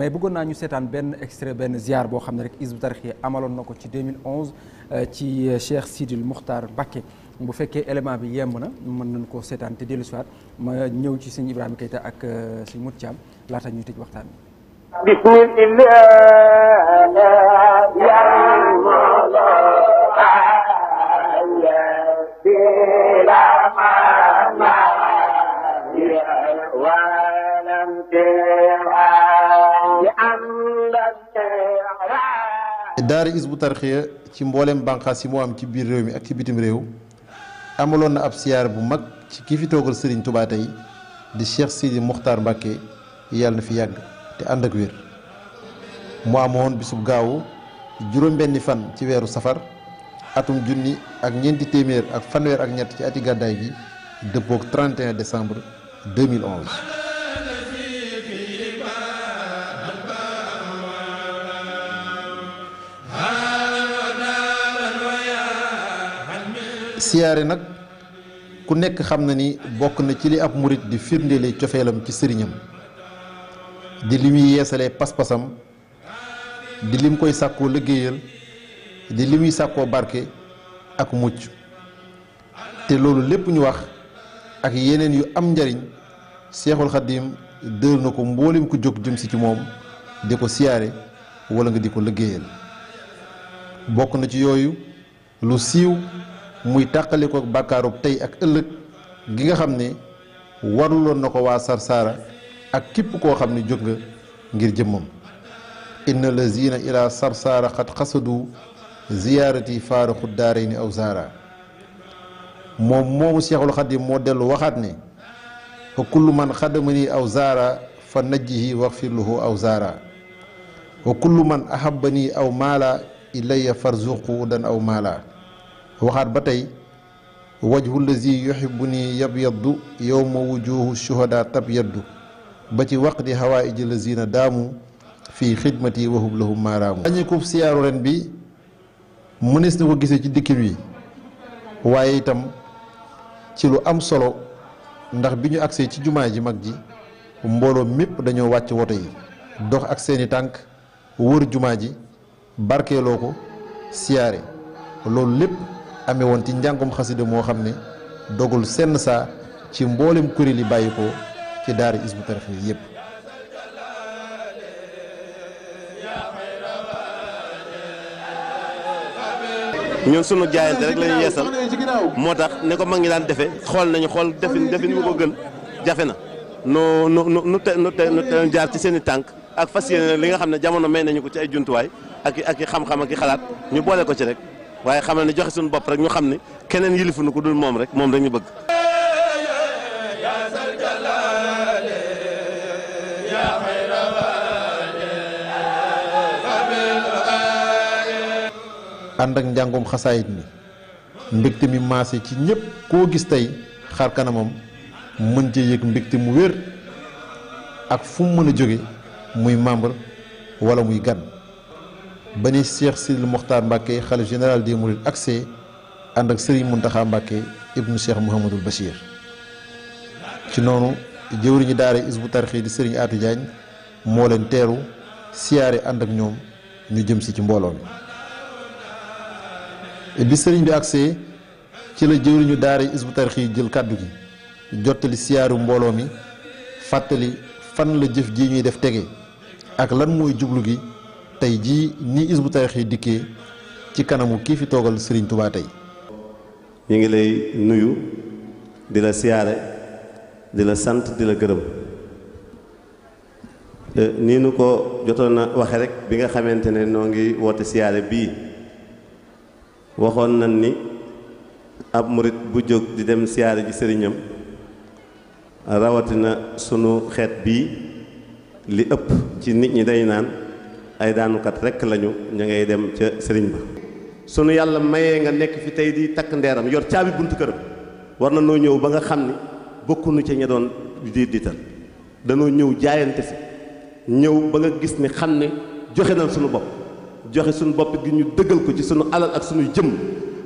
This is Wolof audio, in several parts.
mais bëggoon naa ñu seetaan benn extrait benn ziar boo xam ne rek Hizbut Tarqiyyah amaloon na ko ci euh, ci euh, Cheikh Sidil Mukhtar Mbacké bu fekkee élément bi yemb na mën nañ koo seetaan te dellu siwaat ma ñëw ci sëñ Ibrahima Keita ak euh, si Mout Thiam laata ñuy tëj waxtaan bi is bu isbu tarxiya ci mbooleem bànqaas yi moo am ci biir réew mi ak ci bitim réew amaloon na ab siyaar bu mag ci ki fi toogal Serigne Touba tey di Cheikh Sidi Mokhtar Mbacke yàlla na fi yàgg te ànd ak wér mu amoon bisub gaawu juróom-benni fan ci weeru safar atum junni ak ñeenti téeméer ak fanweer ak ñett ci ati gàddaay gi dëppook 31 décembre 2011. siyaare nag ku nekk xam na ni bokk na ci li ab murit di firndeele cofeelam ci sëriñam di li muy yeesalee pas-pasam di lim koy sàkkoo liggéeyal di li muy sàkkoo barke ak mucc te loolu lépp ñu wax ak yeneen yu am njariñ seexul xaddiim dër na ko mboolem ko jóg jëm si ci moom di ko siyaare wala nga di ko liggéeyal bokk na ci yooyu lu siiw muy tàqalikook bàkkaarub tey ak ëllëg gi nga xam ni warloon na ko waa sarsaara ak képp koo xam ne jóg nga ngir jëmmam inna lazina ila sarsaara xat xasadu ziyaarati faaraxu daarayni aw saara moom moomu seexul xadim moo dellu waxaat ne fa kullu man xadamani aw saara fa najjihi waxfir lahu aw saara wa kullu man ahabani aw maala ilayya farzuqu dan aw maala waxaat ba tey wajhu lazi yuxibu nii yabyaddu yowma wujuhu shuhada tabyaddu ba ci waqti hawaaiji lazina daamu fii xidmati wahub lahum maaraamu añikub siyaaru ren bi mënees na ko gisee ci dikkin wi waaye itam ci lu am solo ndax bi ñu agsee ci jumaa ji mag ji mbooloo mépp dañoo wàcc woto yi dox ak seeni tànk wër jumaa ji barkeeloo ko siyaare loolu lépp amee woon ci njàngum xasida moo xam ne dogul senn saa ci mboolem kuréel yi bàyyi ko ci daara Hizbut Tarqiyyah yépp ñun sunu jaayante rek la ñuy yeesal moo tax ne ko mag ñi daan defe xool nañu xool defin defin bu ko gën jafe na nu nu nu nu te nu te jaar ci seeni tànk ak fas yéene li nga xam ne jamono may nañu ko ci ay jumtuwaay ak i ak i xam-xam ak i xalaat ñu boole ko ci rek waaye xamal ne joxe suñu bopp rek ñu xam ne keneen yilifu nu ko dul moom rek moom rek ñu bëgg. ànd ak njàngum xasaayit mi mbégte mi maase ci ñépp koo gis tey xar kanamam mën cee yëg mbégte mu wér ak fu mën a jóge muy membre wala muy gan. ba ni Cheikh Sidil Mokhtar Mbacke xalif général des Mourides accès ànd ak Serigne Mountakha Mbacke ibnu Cheikh Mouhamadul Bachir ci noonu jëwriñu daara isbu tarxi di Serigne Atou Diagne moo leen teeru siyaare ànd ak ñoom ñu jëm si ci mbooloo mi bi sëriñ bi agsee ci la jëwriñu daara isbu tarxi jël kàddu gi jottali siyaaru mbooloo mi fàttali fan la jëf ji ñuy def tege ak lan mooy jublu gi tey jii nii Hizbut Tarqiyyah dikkee ci kanamu kii fi toogal Serigne Touba tey. ñu ngi lay nuyu di la siyaare di la sant di la gërëm eh, nii nu ko jotoon na waxe rek bi nga xamante ne noo ngi woote siyaare bii waxoon nañ ni ab murit bu jóg di dem siyaare ji sëriñam rawatina sunu xeet bii li ëpp ci nit ñi day naan. ay daanukat rekk lañu ñu ngay dem ca sëriñ ba sunu yàlla mayee nga nekk fi tey di takk ndeeram yor caabi buntu këram war na noo ñëw ba nga xam ni bokkunu ca ña doon di diital danoo ñëw jaayante si ñëw ba nga gis ni xam ne joxe nañ sunu bopp joxe sunu bopp gi ñu dëggal ko ci sunu alal ak sunu jëm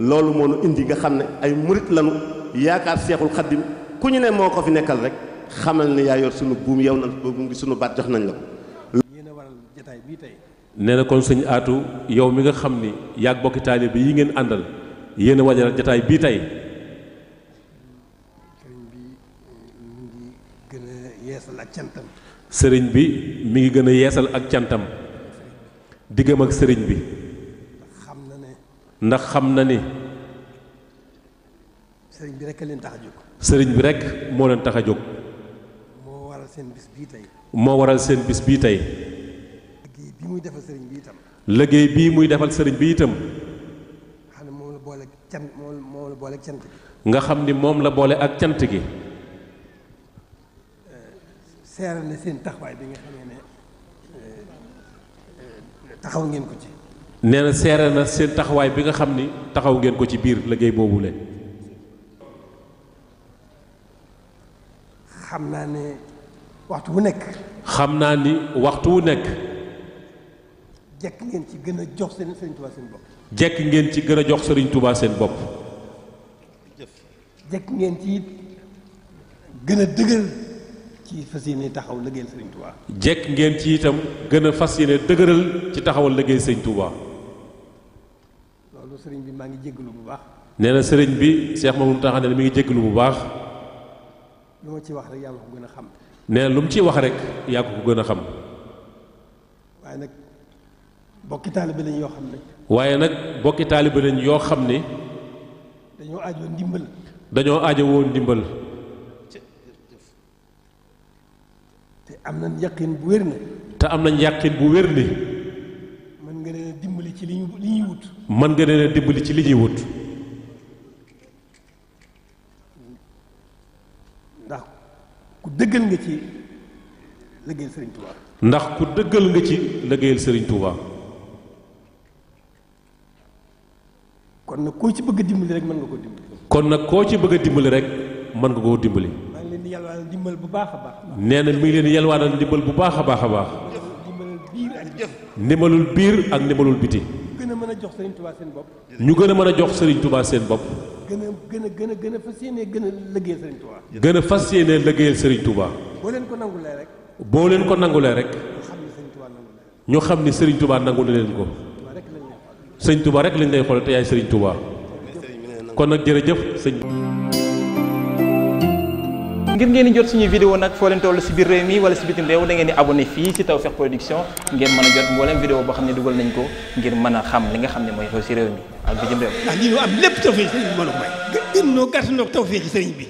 loolu moo nu indi nga xam ne ay murit lanu yaakaar seexul xaddim ku ñu ne moo ko fi nekkal rek xamal ne yaa yor sunu buum yow na buum gi sunu baat jox nañ la nee na kon sëñ aatu yow mi nga xam ni yaag bokki taalibe yi ngeen àndal yéen a wajaral jataay bii tey eh, sëriñ bi mi ngi gën a yeesal ak cantam diggam ak sëriñ bi ndax xam na ni sëriñ bi rek leen tax a jóg sëriñ bi rek moo leen tax a jóg moo waral seen bis bii tey moo waral seen bis bii tey bi muy defal sëriñ bi itam. liggéey bii muy defal sëriñ bi itam. xam ne moom boole ak cant boole ak cant nga xam ni moom la boole ak cant gi. Euh, seeral na seen taxawaay bi nga xamee ne euh, euh, taxaw ngeen ko ci. nee na seeral na seen taxawaay bi nga xam ni taxaw ngeen ko ci biir liggéey boobu le xam naa ne waxtu wu nekk. xam naa ni waxtu wu nekk. jekk ngeen ci gën a jox seen sëriñ Touba seen bopp. jekk ngeen ci gën a jox sëriñ Touba seen bopp. jekk ngeen ci it gën a dëgër ci fas yéene taxaw liggéeyal sëriñ Touba. jekk ngeen ci itam gën a fas yéene dëgëral ci taxawal liggéey sëriñ Touba. loolu sëriñ bi maa ngi jégalu bu baax. nee na sëriñ bi Cheikh Mamadou Taxa ne mi ngi jégalu bu baax. lu ma ci wax rek yàlla ko gën a xam. nee na lu mu ciy wax rek yaa ko gën a xam. bokki taalibe lañ yoo xam ne. waaye nag bokki taalibe lañ yoo xam ne. dañoo aajoo ndimbal. dañoo aajo woon ndimbal. te am nañ yàqin bu wér ne. te am nañ yàqin bu wér li mën nga leen a dimbali ci li ñu wut. mën nga leen a ci li ñuy wut. ndax ku dëggal nga ci liggéeyal sëriñ Touba. ndax ku dëggal nga ci liggéeyal Serigne Touba. kon koo ci bëgg dimbali rek mën nga koo dimbali. kon nag koo ci a dimbali rek mën nga koo dimbali. maa ngi leen di yalwaanal dimbal bu baax a nee na mi ngi leen di yalwaanal bu baax a baax a baax. ndimbalul biir ak ndimbalul biti. gën mën a jox Serigne seen bopp. ñu gën a mën a jox Serigne Touba seen bopp. gën a gën a gën a gën a fas yéenee gën a lëggéeyal Serigne Touba. gën a fas yéenee lëggéeyal Serigne Touba. boo leen ko nangulee rek. boo leen ko nangulee rek. ñu xam ni Serigne Touba nangu na leen ko sëñ Touba rek lañ lay xool te yaay sëriñ Touba kon nag jëf sëñ. ngir ngeen di jot suñu vidéo nag foo leen toll si biir réew mi wala si bitim réew da ngeen di abonné fii si Tawfekh Production ngeen mën a jot mboolem vidéo boo xam ne dugal nañ ko ngir mën a xam li nga xam ne mooy xew si réew mi ak bitim réew. ndax lii am lépp Tawfekh sëriñ bi mën a may. gën noo gàtt noo Tawfekh sëriñ bi.